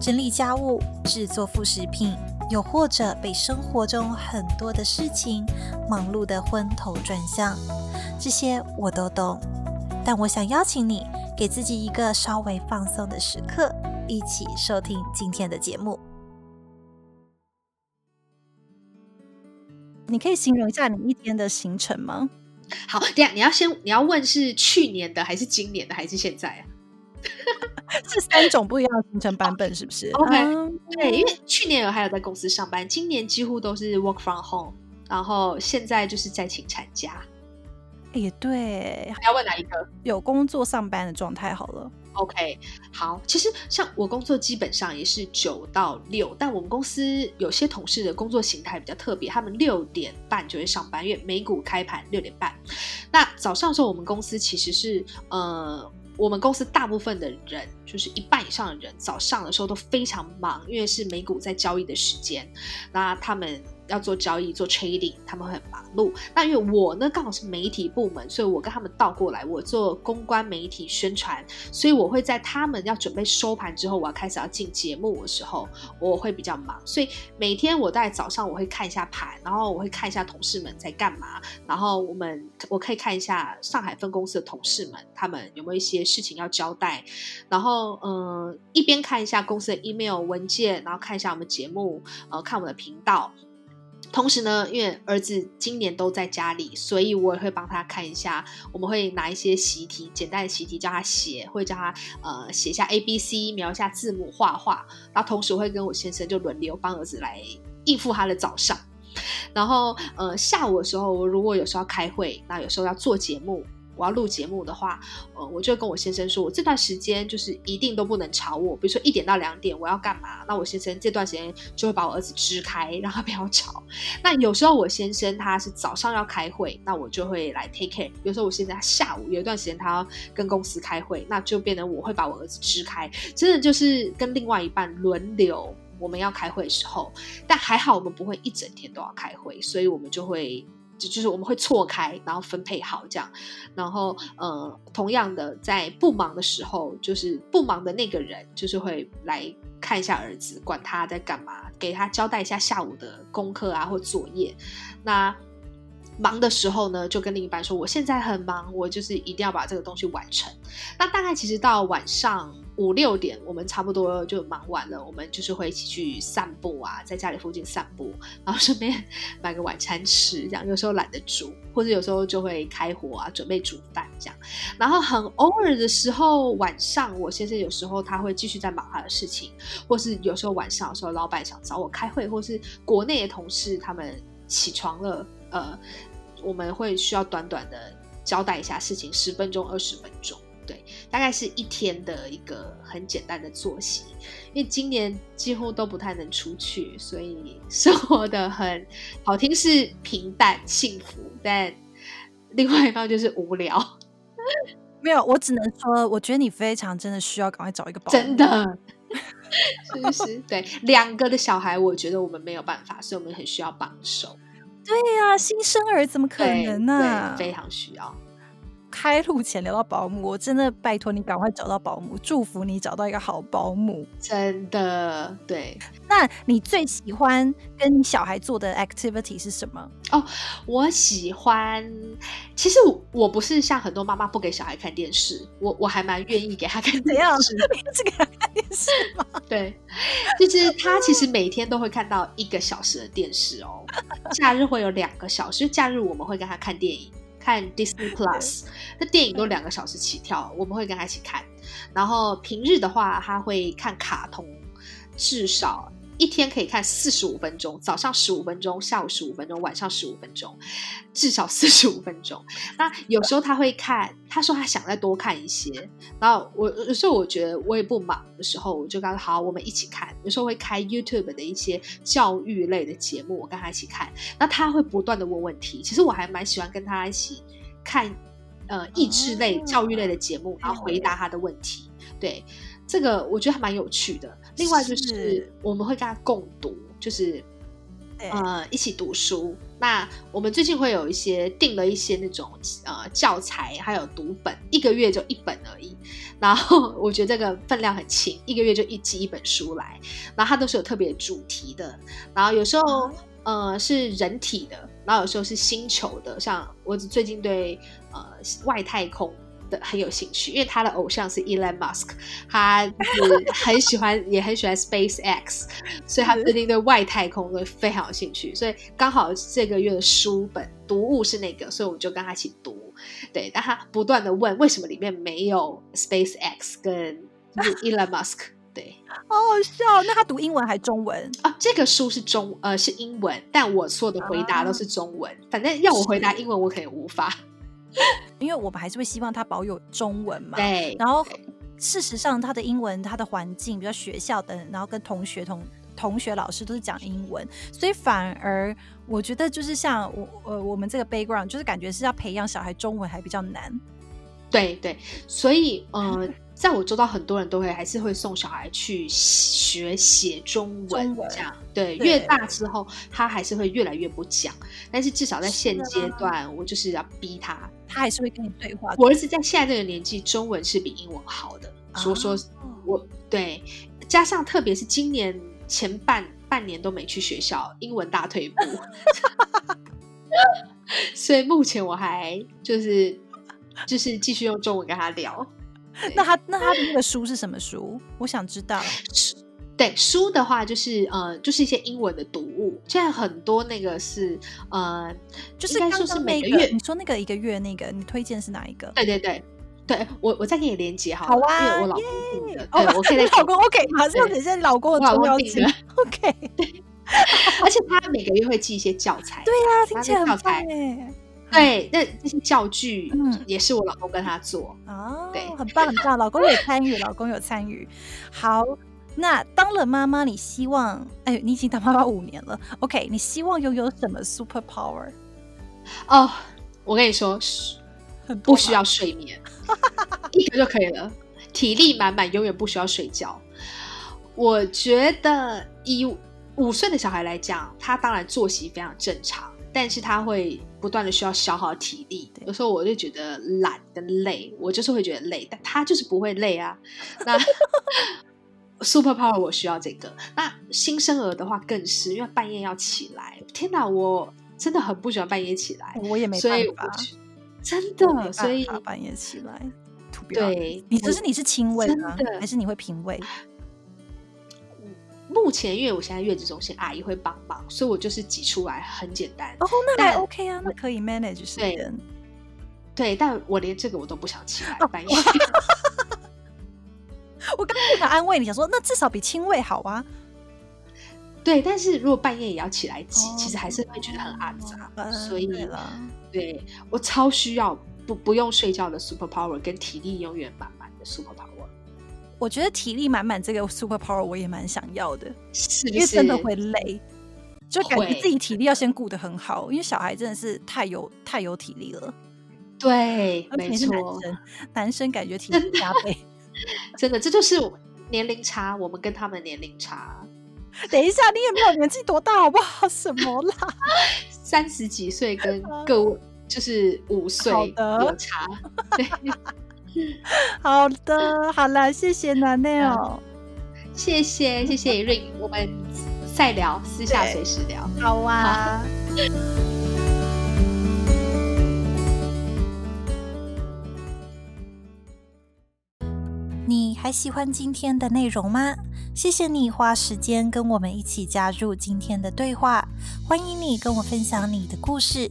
整理家務、製作副食品，又或者被生活中很多的事情忙碌的昏頭轉向，這些我都懂。但我想邀請你，給自己一個稍微放鬆的時刻，一起收聽今天的節目。你可以形容一下你一天的行程嗎？好，等下，你要先你要問是去年的還是今年的還是現在啊？ 這 三種不一樣的行程版本是不是，oh？OK，uh，對，因為去年我還有在公司上班，今年幾乎都是 work from home，然後現在就是在請產假。也對，要問哪一個有工作上班的狀態好了？OK，好，其實像我工作基本上也是九到六，但我們公司有些同事的工作形態比較特別，他們六點半就會上班，因為美股開盤六點半。那早上的時候，我們公司其實是呃。我們公司大部分的人，就是一半以上的人，早上的時候都非常忙，因為是美股在交易的時間，那他們要做交易做 trading，他們會很忙碌。那因為我呢剛好是媒體部門，所以我跟他們倒過來，我做公關媒體宣傳，所以我會在他們要準備收盤之後，我要開始要進節目的時候，我會比較忙。所以每天我在早上我會看一下盤，然後我會看一下同事們在幹嘛，然後我們我可以看一下上海分公司的同事們他們有沒有一些事情要交代，然後嗯、呃，一邊看一下公司的 email 文件，然後看一下我們節目呃，看我們的頻道。同時呢，因為兒子今年都在家裡，所以我也會幫他看一下。我們會拿一些習題，簡單的習題叫他寫，會叫他呃寫一下 ABC，描一下字母，畫畫。然後同時我會跟我先生就輪流幫兒子來應付他的早上。然後呃下午的時候，我如果有時候要開會，那有時候要做節目。我要錄節目的話，呃，我就跟我先生說，我這段時間就是一定都不能吵我。比如說一點到兩點我要幹嘛，那我先生這段時間就會把我兒子支開，讓他不要吵。那有時候我先生他是早上要開會，那我就會來 take care。有時候我先生他下午有一段時間他要跟公司開會，那就變得我會把我兒子支開。真的就是跟另外一半輪流，我們要開會的時候。但還好我們不會一整天都要開會，所以我們就會。就是我們會錯開，然後分配好這樣，然後呃，同樣的在不忙的時候，就是不忙的那個人就是會來看一下兒子，管他在幹嘛，給他交代一下下午的功課啊或作業，那。忙的時候呢，就跟另一半說，我現在很忙，我就是一定要把這個東西完成。那大概其實到晚上五六點，我們差不多就忙完了，我們就是會一起去散步啊，在家裡附近散步，然後順便買個晚餐吃。這樣，有時候懶得煮，或者有時候就會開火啊，準備煮飯這樣。然後很偶爾的時候，晚上我先生有時候他會繼續在忙他的事情，或是有時候晚上的時候，老闆想找我開會，或是國內的同事他們起床了。呃，我們會需要短短的交代一下事情，十分鐘、二十分鐘，對，大概是一天的一個很簡單的作息。因為今年幾乎都不太能出去，所以生活的很好聽是平淡幸福，但另外一方就是無聊。沒有，我只能說，我覺得你非常真的需要趕快找一個保母。真的。是不是？ 對，兩個的小孩，我覺得我們沒有辦法，所以我們很需要幫手。對呀，新生兒怎麼可能呢？對，非常需要。開路前聊到保姆，我真的拜托你趕快找到保姆，祝福你找到一個好保姆。真的，對。那你最喜歡跟小孩做的 activity 是什麼？哦，我喜歡。其實我，我不是像很多媽媽不給小孩看電視，我我還蠻願意給他看電視。怎樣？你是給他看電視嗎？ 對，就是他其實每天都會看到一個小時的電視哦。假日會有兩個小時，假日我們會跟他看電影。看 Disney Plus，那 電影都兩個小時起跳， 我們會跟他一起看。然後平日的話，他會看卡通，至少。一天可以看四十五分鐘，早上十五分鐘，下午十五分鐘，晚上十五分鐘，至少四十五分鐘。那有時候他會看，他說他想再多看一些。然後我，所以我覺得我也不忙的時候，我就剛好，我們一起看。有時候會開 YouTube 的一些教育類的節目，我跟他一起看。那他會不斷的問問題，其實我還蠻喜歡跟他一起看，呃，益智類、教育類的節目，哦、然後回答他的問題。哦、對。對這個我覺得還蠻有趣的。另外就是我們會跟他共讀，是就是呃、嗯、一起讀書。欸、那我們最近會有一些訂了一些那種呃教材，還有讀本，一個月就一本而已。然後我覺得這個分量很輕，一個月就一寄一本書來。然後它都是有特別主題的。然後有時候呃是人體的，然後有時候是星球的，像我最近對呃外太空。的很有興趣，因為他的偶像是 Elon Musk，他就是很喜歡， 也很喜歡 SpaceX，所以他最近對外太空都非常有興趣。嗯、所以剛好這個月的書本讀物是那個，所以我就跟他一起讀。對，但他不斷的問為什麼裡面沒有 SpaceX 跟就是 Elon Musk。對，好，好笑、哦。那他讀英文還中文啊、哦？這個書是中呃是英文，但我說的回答都是中文。啊、反正要我回答英文，我可以無法。 因為我們還是會希望他保有中文嘛，對。然後事實上他的英文，對他的環境，比如學校等，然後跟同學同、同同學、老師都是講英文，對所以反而我覺得就是像我，我們這個 background，就是感覺是要培養小孩中文還比較難。對對，所以呃。 在我週遭很多人都會還是會送小孩去學寫中文。這樣對。越大之後，他還是會越來越不講。但是至少在現階段，我就是要逼他，他還是會跟你對話。我兒子在現在這個年紀，中文是比英文好的。所以說，說，我對，加上特別是今年前半半年都沒去學校，英文大退步。所以目前我還就是就是繼續用中文跟他聊。那他那他的那個書是什麼書？我想知道。對書的話，就是呃，就是一些英文的讀物。現在很多那個是呃，就是應該說是每個月。你說那個一個月那個，你推薦是哪一個？對對對，對我我再給你連結好好啊，耶！哦，我老公 OK，好，上等一下老公的公標信。OK，而且他每個月會寄一些教材。對呀，教材。對，那這些教具，嗯，也是我老公跟他做啊，嗯、對、哦，很棒，很棒，老公有參與， 老公有參與。好，那當了媽媽，你希望，哎，你已經當媽媽五年了，OK，你希望擁有什麼 super power？哦，我跟你說，不需要睡眠，多 一個就可以了，體力滿滿，永遠不需要睡覺。我覺得以五歲的小孩來講，他當然作息非常正常。但是他會不斷的需要消耗體力，對有時候我就覺得懶得累，我就是會覺得累，但他就是不會累啊。那 super power 我需要這個。那新生兒的話更是，因為半夜要起來，天哪，我真的很不喜歡半夜起來，我也沒辦法，真的，所以半夜起來。以以對，你只是，是你是親餵，啊、的，還是你會瓶餵？目前因為我現在月子中心阿姨、啊、會幫忙，所以我就是擠出來很簡單。哦，那還 OK 啊，我那可以 manage。對，對，但我連這個我都不想起來。半夜？我剛剛想安慰你，想說 那至少比親餵好啊。對，但是如果半夜也要起來擠，哦、其實還是會覺得很阿雜。哦嗯、所以，對我超需要不不用睡覺的 super power 跟體力永遠滿滿的 super power。我覺得體力滿滿這個 super power 我也蠻想要的，是不是因為真的會累，就感覺自己體力要先顧得很好，會因為小孩真的是太有太有體力了。對，而且是男生沒錯，男生感覺體力加倍，真的，這就是我年齡差，我們跟他們年齡差。 等一下，你也沒有年紀多大，好不好？什麼啦？三十 幾歲跟各位 就是五歲有差。 好的，好了，謝謝 Nanelle 哦，謝謝，謝謝瑞。 我們再聊，私下隨時聊。好啊。好 你還喜歡今天的內容嗎？謝謝你花時間跟我們一起加入今天的對話。歡迎你跟我分享你的故事。